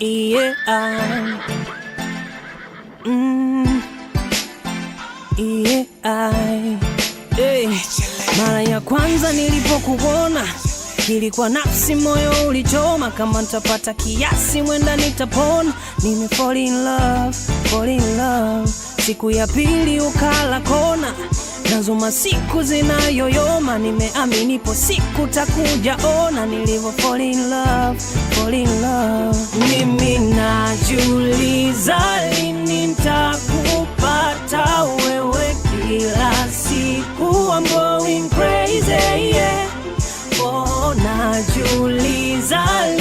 Yeah. Mm. Yeah. Hey. Mara ya kwanza nilipokuona kilikuwa nafsi, moyo ulichoma, kama ntapata kiasi mwenda nitapona. Nime fall in love, fall in love. Siku ya pili ukala kona Nazuma siku zinayoyoma, nimeamini po siku takuja ona oh, nilivo fall in love, fall in love. Mimi najiuliza lini nitakupata wewe, kila siku I'm going crazy yeah. Oh, najiuliza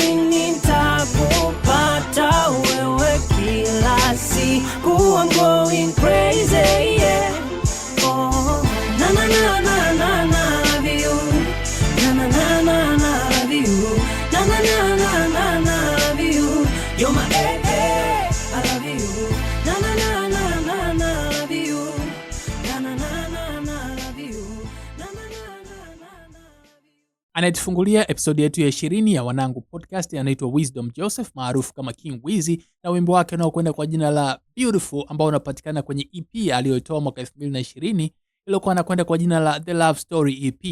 Anayetufungulia episodi yetu ya ishirini ya Wanangu Podcast anaitwa Wisdom Joseph maarufu kama King Wizzy na wimbo wake unaokwenda kwa jina la Beautiful ambao unapatikana kwenye EP aliyoitoa mwaka 2020 iliyokuwa anakwenda kwa jina la The Love Story EP.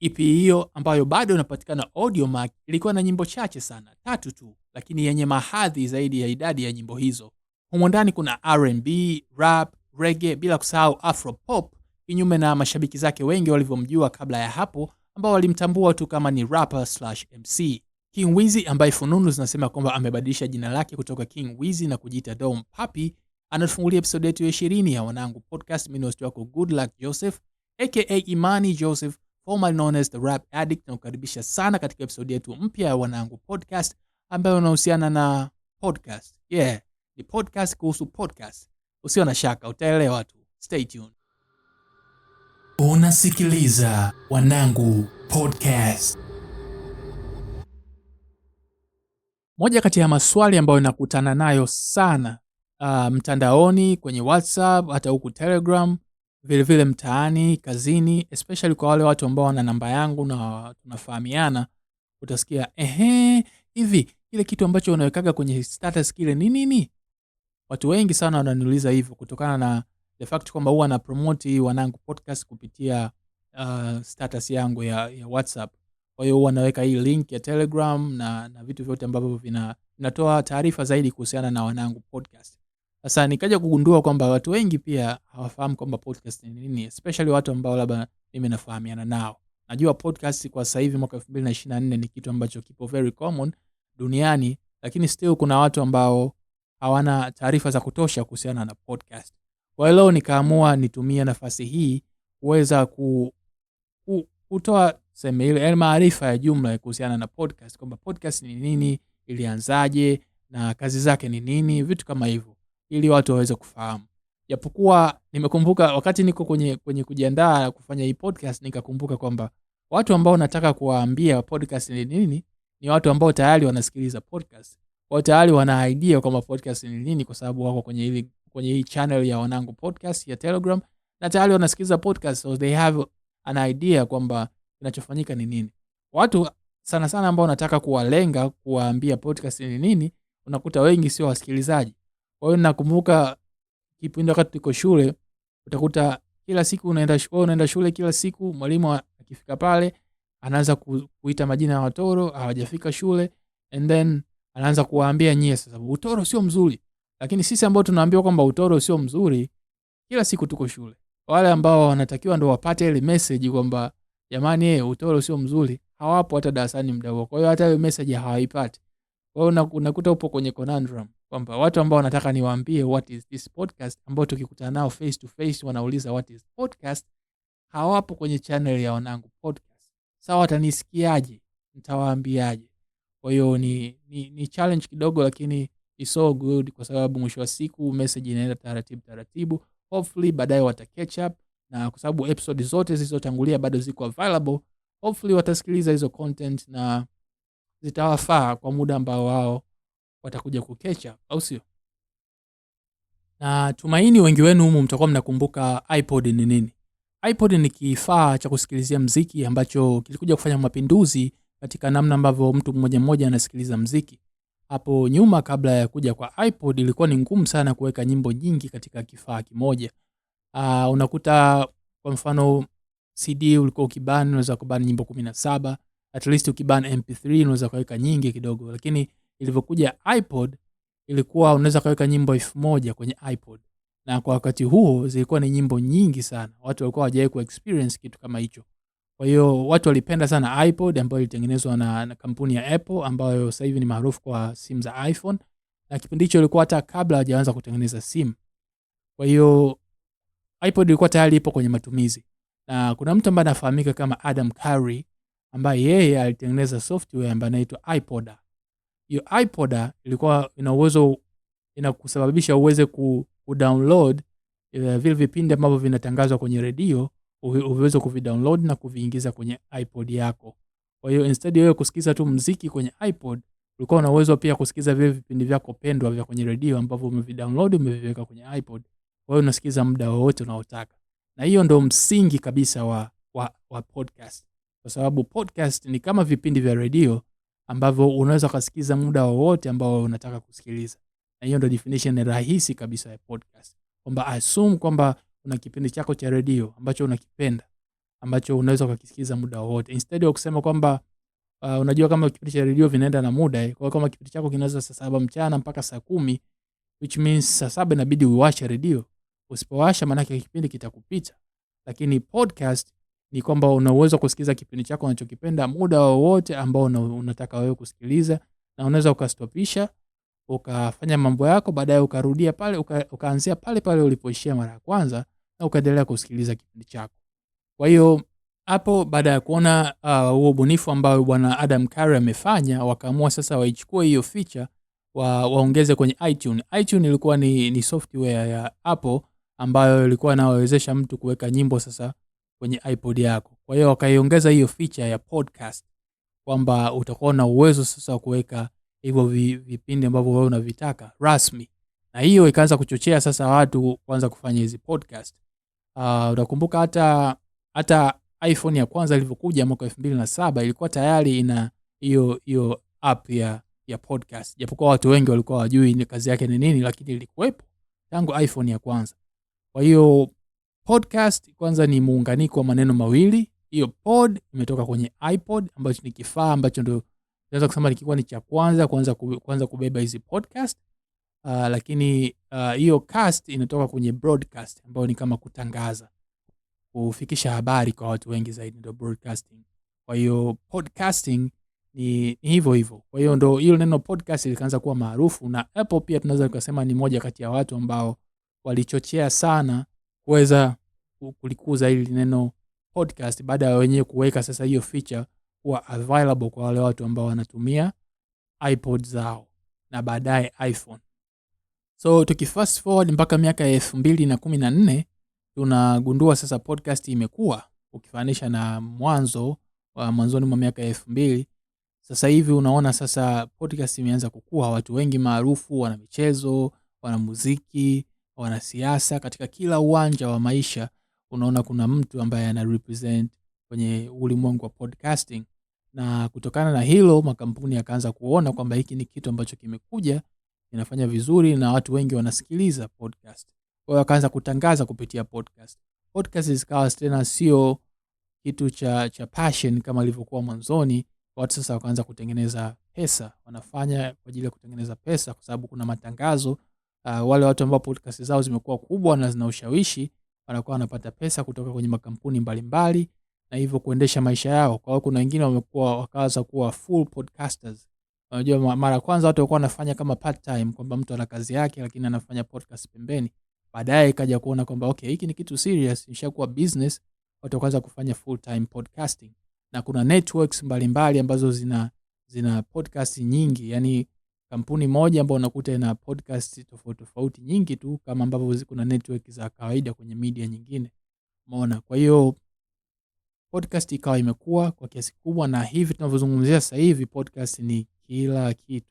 EP hiyo ambayo bado inapatikana mark ilikuwa na nyimbo chache sana, tatu tu, lakini yenye mahadhi zaidi ya idadi ya nyimbo hizo. Humo ndani kuna R&B, rap, reggae bila kusahau afro pop, kinyume na mashabiki zake wengi walivyomjua kabla ya hapo ambao walimtambua tu kama ni rapper slash MC. King Wizzy ambaye fununu zinasema kwamba amebadilisha jina lake kutoka King Wizzy na kujiita Dom Papi, anatufungulia episodi yetu ya 20 ya Wanangu Podcast. Mimi wako Good Luck Joseph aka Imani Joseph formerly known as the Rap Addict, na kukaribisha sana katika episodi yetu mpya ya Wanangu Podcast ambayo unahusiana na podcast. Yeah, ni podcast kuhusu podcast. Usio na shaka utaelewa tu. Stay tuned. Unasikiliza Wanangu Podcast. Moja kati ya maswali ambayo nakutana nayo sana uh, mtandaoni, kwenye WhatsApp, hata huku Telegram, vilevile mtaani, kazini, especially kwa wale watu ambao wana namba yangu na tunafahamiana, utasikia ehe, hivi kile kitu ambacho unawekaga kwenye status kile ni nini? Watu wengi sana wananiuliza hivyo kutokana na the fact kwamba huwa na promote wanangu podcast kupitia uh, status yangu ya, ya WhatsApp. Kwa hiyo huwa naweka hii link ya Telegram na, na vitu vyote ambavyo vina natoa taarifa zaidi kuhusiana na wanangu podcast. Sasa nikaja kugundua kwamba watu wengi pia hawafahamu kwamba podcast ni nini, especially watu ambao labda mimi nafahamiana nao. Najua podcast kwa sasa hivi mwaka 2024 ni kitu ambacho kipo very common duniani, lakini still kuna watu ambao hawana taarifa za kutosha kuhusiana na podcast. Kwa hiyo leo nikaamua nitumie nafasi hii kuweza ku, ku, kutoa sema ile yaani maarifa ya jumla kuhusiana na podcast, kwamba podcast ni nini, ilianzaje na kazi zake ni nini, vitu kama hivyo, ili watu waweze kufahamu. Japokuwa nimekumbuka wakati niko kwenye, kwenye kujiandaa kufanya hii podcast, nikakumbuka kwamba watu ambao nataka kuwaambia podcast ni nini ni watu ambao tayari wanasikiliza podcast, wao tayari wana idea kwamba podcast ni nini, kwa sababu wako kwenye hili kwenye hii channel ya Wanangu Podcast ya Telegram, na tayari wanasikiliza podcast, so they have an idea kwamba kinachofanyika ni nini. Watu sana sana ambao nataka kuwalenga kuwaambia podcast ni nini, unakuta wengi sio wasikilizaji. Kwa hiyo nakumbuka kipindi wakati tuko shule, utakuta kila siku unaenda shule, unaenda shule kila siku, mwalimu akifika pale anaanza kuita majina ya watoro hawajafika shule, and then anaanza kuwaambia nyie, sasa utoro sio mzuri, lakini sisi ambao tunaambiwa kwamba utoro sio mzuri, kila siku tuko shule. Wale ambao wanatakiwa ndo wapate ile meseji kwamba jamani, e utoro sio mzuri, hawapo hata darasani mda huo. Kwa hiyo hata hiyo meseji hawaipati. Kwa hiyo unakuta upo kwenye conundrum kwamba watu ambao wanataka niwaambie what is this podcast, ambao tukikutana nao face to face wanauliza what is podcast, hawapo kwenye channel ya wanangu podcast. Sawa, watanisikiaje? Nitawaambiaje? Kwa hiyo ni, ni, ni challenge kidogo, lakini It's so good kwa sababu mwisho wa siku message inaenda taratibu taratibu, hopefully baadaye wata catch up, na kwa sababu episode zote zilizotangulia bado ziko available, hopefully watasikiliza hizo content na zitawafaa kwa muda ambao wao watakuja ku catch up, au sio? Na tumaini wengi wenu humu mtakuwa mnakumbuka iPod ni nini. iPod ni kifaa cha kusikilizia mziki ambacho kilikuja kufanya mapinduzi katika namna ambavyo mtu mmoja mmoja anasikiliza mziki. Hapo nyuma kabla ya kuja kwa iPod ilikuwa ni ngumu sana kuweka nyimbo nyingi katika kifaa kimoja. Uh, unakuta kwa mfano CD ulikuwa ukibani unaweza kubani nyimbo 17, at least ukibani MP3 unaweza kaweka nyingi kidogo, lakini ilivyokuja iPod ilikuwa unaweza kaweka nyimbo elfu moja kwenye iPod, na kwa wakati huo zilikuwa ni nyimbo nyingi sana, watu walikuwa hawajawahi kuexperience kitu kama hicho. Kwa hiyo watu walipenda sana iPod ambayo ilitengenezwa na, na kampuni ya Apple ambayo sasa hivi ni maarufu kwa simu za iPhone, na kipindi hicho ilikuwa hata kabla hajaanza kutengeneza simu. Kwa hiyo iPod ilikuwa tayari ipo kwenye matumizi, na kuna mtu ambaye anafahamika kama Adam Curry ambaye yeye alitengeneza software ambayo inaitwa ipod Hiyo ipod ilikuwa ina uwezo inakusababisha uweze ku, ku download eh, vile vipindi ambavyo vinatangazwa kwenye redio uweze kuvidownload na kuviingiza kwenye iPod yako. Kwa hiyo instead wewe kusikiza tu mziki kwenye iPod, ulikuwa una uwezo pia kusikiza vile vipindi vyako pendwa vya kwenye redio ambavyo umevidownload umeviweka kwenye iPod. Kwa hiyo unasikiza muda wowote unaotaka, na hiyo ndo msingi kabisa wa, wa, wa podcast, kwa sababu podcast ni kama vipindi vya redio ambavyo unaweza ukasikiza muda wowote ambao unataka kusikiliza, na hiyo ndo definition rahisi kabisa ya podcast, kwamba assume kwamba una kipindi chako cha redio ambacho unakipenda ambacho unaweza ukakisikiliza muda wowote, instead ya kusema kwamba uh, unajua kama kipindi cha redio vinaenda na muda eh. Kwa kama kipindi chako kinaweza saa saba mchana mpaka saa kumi which means saa saba inabidi uwashe redio. Usipowasha maanake kipindi kitakupita, lakini podcast ni kwamba unaweza kusikiliza kipindi chako unachokipenda muda wowote ambao unataka wewe kusikiliza, na unaweza ukastopisha ukafanya mambo yako, baadaye ukarudia pale uka, ukaanzia pale pale ulipoishia mara ya kwanza na ukaendelea kusikiliza kipindi chako. Kwa hiyo hapo baada ya kuona ah, huo uh, ubunifu ambao bwana Adam Curry amefanya, wakaamua sasa waichukue hiyo feature wa, waongeze kwenye iTunes. iTunes ilikuwa ni, ni software ya Apple ambayo ilikuwa inawawezesha mtu kuweka nyimbo sasa kwenye iPod yako. Kwa hiyo wakaiongeza hiyo feature ya podcast kwamba utakuwa na uwezo sasa wa kuweka hivyo vipindi ambavyo wewe unavitaka rasmi, na hiyo ikaanza kuchochea sasa watu kuanza kufanya hizi podcast. Uh, utakumbuka hata hata iPhone ya kwanza ilivyokuja mwaka elfu mbili na saba ilikuwa tayari ina hiyo hiyo app ya ya podcast, japokuwa watu wengi walikuwa wajui ni kazi yake ni nini, lakini ilikuwepo tangu iPhone ya kwanza. Kwa hiyo podcast kwanza ni muunganiko wa maneno mawili. Hiyo pod imetoka kwenye iPod ambacho ni kifaa ambacho ndio tunaweza kusema kikuwa ni cha kwanza kuanza kubeba hizi podcast, uh, lakini ah, hiyo uh, cast inatoka kwenye broadcast ambayo ni kama kutangaza, kufikisha habari kwa watu wengi zaidi, ndo broadcasting. Kwa hiyo podcasting ni hivyo hivyo. Kwa hiyo ndo hilo neno podcast likaanza kuwa maarufu, na Apple pia tunaweza tukasema ni moja kati ya watu ambao walichochea sana kuweza kulikuza hili neno podcast, baada ya wenyewe kuweka sasa hiyo feature kuwa available kwa wale watu ambao wanatumia iPod zao na baadaye iPhone so tukifast forward mpaka miaka ya elfu mbili na kumi na nne tunagundua sasa podcast imekuwa ukifanisha na mwanzo wa mwanzoni mwa miaka ya elfu mbili sasa hivi unaona sasa podcast imeanza kukua watu wengi maarufu wana michezo wana muziki wanasiasa katika kila uwanja wa maisha unaona kuna mtu ambaye ana represent kwenye ulimwengu wa podcasting na kutokana na hilo makampuni yakaanza kuona kwamba hiki ni kitu ambacho kimekuja inafanya vizuri na watu wengi wanasikiliza podcast. Kwa hiyo akaanza kutangaza kupitia podcast. Podcast zikawa tena sio kitu cha, cha passion kama ilivyokuwa mwanzoni. Watu sasa wakaanza kutengeneza pesa, wanafanya kwa ajili ya kutengeneza pesa kwa sababu kuna matangazo. Uh, wale watu ambao podcast zao zimekuwa kubwa na zina ushawishi wanakuwa wanapata pesa kutoka kwenye makampuni mbalimbali mbali, na hivyo kuendesha maisha yao. Kwa hiyo kuna wengine wamekuwa wakaanza kuwa full podcasters Unajua mara ya kwanza watu walikuwa wanafanya kama part time kwamba mtu ana kazi yake lakini anafanya podcast pembeni. Baadaye ikaja kuona kwamba okay, hiki ni kitu serious, ishakuwa business, watu wakaanza kufanya full time podcasting. Na kuna networks mbalimbali mbali ambazo zina zina podcast nyingi, yani kampuni moja ambayo unakuta ina podcast tofauti tofauti nyingi tu kama ambavyo kuna network za kawaida kwenye media nyingine. Umeona? Kwa hiyo podcast ikawa imekuwa kwa kiasi kubwa, na hivi tunavyozungumzia sasa hivi podcast ni kila kitu.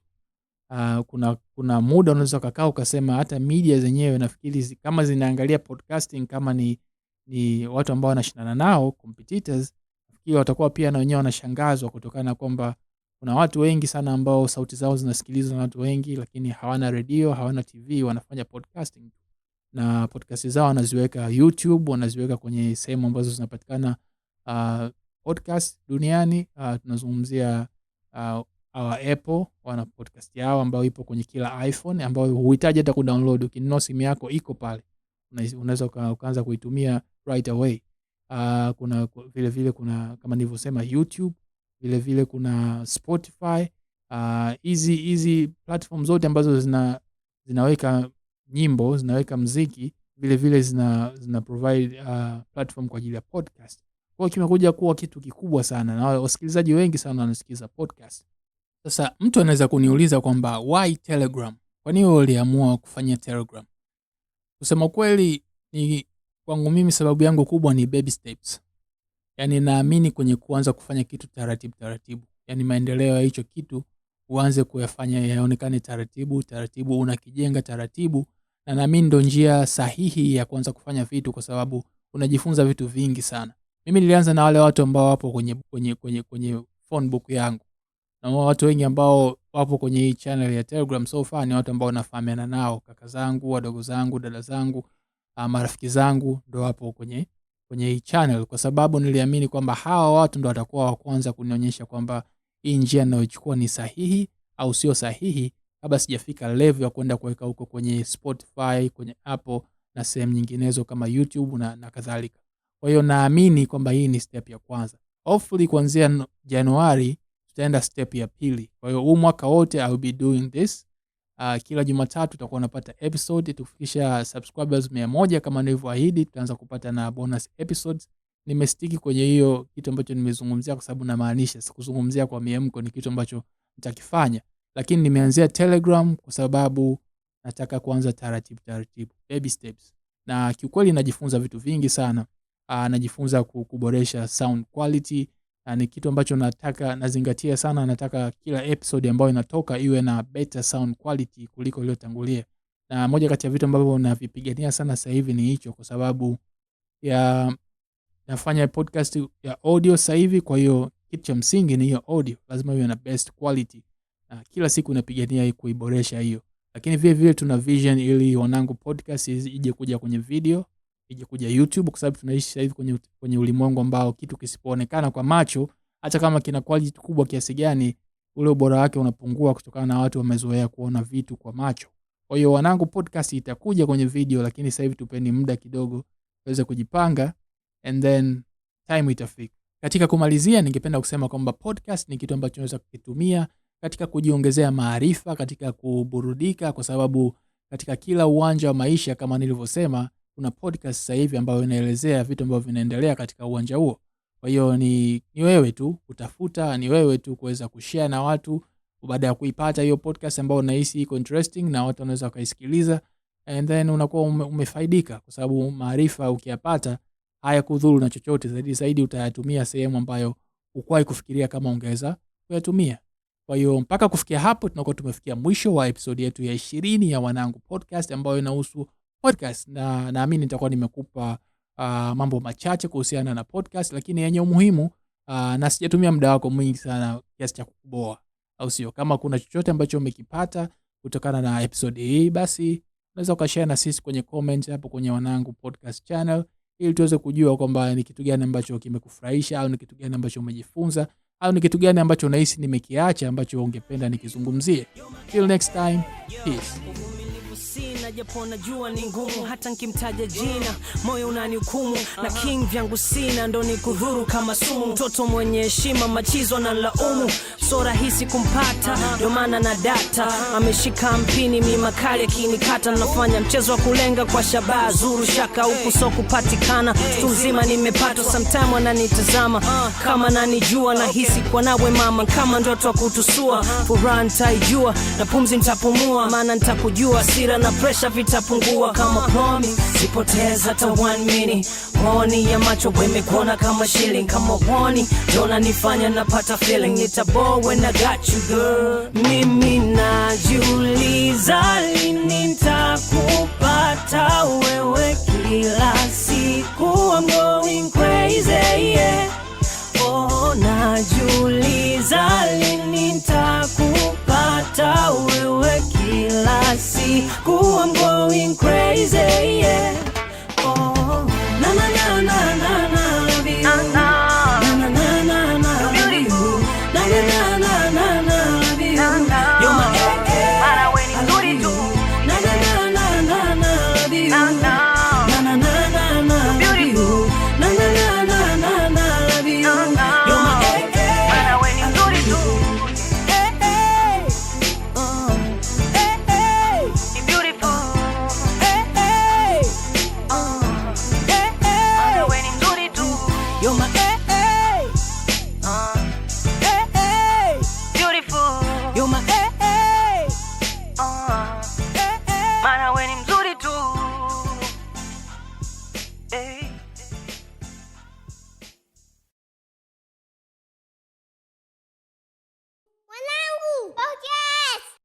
Uh, kuna, kuna muda unaweza ukakaa ukasema hata media zenyewe nafikiri kama zinaangalia podcasting kama ni, ni watu ambao wanashindana nao competitors, nafikiri watakuwa pia na wenyewe wanashangazwa kutokana na kwamba kuna watu wengi sana ambao sauti zao zinasikilizwa na watu wengi, lakini hawana redio, hawana TV, wanafanya podcasting na podcast zao wanaziweka YouTube, wanaziweka kwenye sehemu ambazo zinapatikana uh, podcast duniani uh, tunazungumzia uh, our Apple wana podcast yao ambayo ipo kwenye kila iPhone ambayo huhitaji hata kudownload. Ukinunua simu yako iko pale, unaweza ukaanza kuitumia right away. Uh, kuna vile vile kuna kama nilivyosema YouTube, vile vile kuna Spotify. Uh, hizi uh, hizi platform zote ambazo zina zinaweka nyimbo, zinaweka mziki, vile vile zina, zina provide uh, platform kwa ajili ya podcast kwao kimekuja kuwa kitu kikubwa sana na wasikilizaji wengi sana wanasikiliza podcast. Sasa mtu anaweza kuniuliza kwamba why Telegram? Kwa nini uliamua kufanya Telegram? Kusema kweli ni kwangu mimi sababu yangu kubwa ni baby steps. Yaani naamini kwenye kuanza kufanya kitu taratibu taratibu. Yaani maendeleo ya hicho kitu uanze kuyafanya yaonekane taratibu taratibu, unakijenga taratibu, na naamini ndo njia sahihi ya kuanza kufanya vitu, kwa sababu unajifunza vitu vingi sana. Mimi nilianza na wale watu ambao wapo kwenye, kwenye, kwenye, kwenye phone book yangu na watu wengi ambao wapo kwenye hii channel ya Telegram so far ni watu ambao nafahamiana nao, kaka zangu, wadogo zangu, dada zangu, ah, marafiki zangu ndo wapo kwenye kwenye hii channel, kwa sababu niliamini kwamba hawa watu ndo watakuwa wa kwanza kunionyesha kwamba hii njia ninayochukua ni sahihi au sio sahihi, kabla sijafika level ya kwenda kuweka huko kwenye Spotify, kwenye Apple na sehemu nyinginezo kama YouTube na, na kadhalika. Kwa hiyo naamini kwamba hii ni step ya kwanza. Hopefully kuanzia Januari tutaenda step ya pili. Kwa hiyo huu mwaka wote i will be doing this. Uh, kila Jumatatu tutakuwa unapata episode tufikisha subscribers 100 kama nilivyoahidi, tutaanza kupata na bonus episodes. Nimestiki kwenye hiyo kitu ambacho nimezungumzia kwa sababu namaanisha, sikuzungumzia kwa miemko, ni kitu ambacho nitakifanya, lakini nimeanzia Telegram kwa sababu nataka kuanza taratibu taratibu, baby steps, na kiukweli najifunza vitu vingi sana anajifunza ah, uh, kuboresha sound quality. uh, Ni kitu ambacho nataka nazingatia sana, nataka kila episode ambayo inatoka iwe na better sound quality kuliko iliyotangulia, na moja kati ya vitu ambavyo navipigania sana sasa hivi ni hicho, kwa sababu ya nafanya podcast ya audio sasa hivi. Kwa hiyo kitu cha msingi ni hiyo audio, lazima iwe na best quality, na kila siku napigania kuiboresha hiyo. Lakini vile vile tuna vision ili Wanangu Podcast ije kuja kwenye video ije kuja YouTube kwa sababu tunaishi sasa hivi kwenye, kwenye ulimwengu ambao kitu kisipoonekana kwa macho hata kama kina quality kubwa kiasi gani ule ubora wake unapungua kutokana na watu wamezoea kuona vitu kwa macho. Kwa hiyo wanangu, podcast itakuja kwenye video, lakini sasa hivi tupeni muda kidogo tuweze kujipanga and then time itafika. Katika kumalizia, ningependa kusema kwamba podcast ni kitu ambacho tunaweza kukitumia katika kujiongezea maarifa, katika kuburudika, kwa sababu katika kila uwanja wa maisha kama nilivyosema kuna podcast sasa hivi ambayo inaelezea vitu ambavyo vinaendelea katika uwanja huo. Kwa hiyo ni, ni wewe tu kutafuta, ni wewe tu kuweza kushare na watu baada ya kuipata hiyo podcast ambayo unahisi iko interesting na watu wanaweza wakaisikiliza, and then unakuwa ume, umefaidika kwa sababu maarifa ukiyapata haya kudhuru na chochote zaidi zaidi, utayatumia sehemu ambayo hukuwahi kufikiria kama ungeweza kuyatumia. Kwa hiyo mpaka kufikia hapo, tunakuwa tumefikia mwisho wa episodi yetu ya ishirini ya Wanangu Podcast ambayo inahusu podcast, na naamini nitakuwa nimekupa uh, mambo machache kuhusiana na podcast, lakini yenye umuhimu uh, na sijatumia muda wako mwingi sana kiasi cha kukuboa, au sio? Kama kuna chochote ambacho umekipata kutokana na episode hii, basi unaweza ukashare na sisi kwenye comment hapo kwenye Wanangu Podcast Channel ili tuweze kujua kwamba ni kitu gani ambacho kimekufurahisha au ni kitu gani ambacho umejifunza au ni kitu gani ambacho unahisi nimekiacha ambacho ungependa nikizungumzie. Till next time, peace japo najua ni ngumu, hata nkimtaja jina moyo unanihukumu, na king vyangu sina ndo ni kudhuru kama sumu. Mtoto mwenye heshima machizo na laumu, so rahisi kumpata, ndo maana na data ameshika mpini, mi makali akinikata, nafanya mchezo wa kulenga kwa shabaha zuru, shaka huku so kupatikana, tu mzima nimepatwa samtime wananitazama kama nanijua, nahisi kwa nawe mama kama ndoto kutusua, furaha ntaijua na pumzi ntapumua, maana ntakujua, sira na presha kuonyesha vitapungua kama promise. Sipoteza hata one minute, moni ya macho wemekuona kama shilling, kama woni dona nifanya napata feeling, nitabowe na got you girl. Mimi najiuliza lini nitakupata wewe, kila siku I'm going crazy yeah. Oh, najiuliza lini nitakupata wewe kila siku crazy, yeah.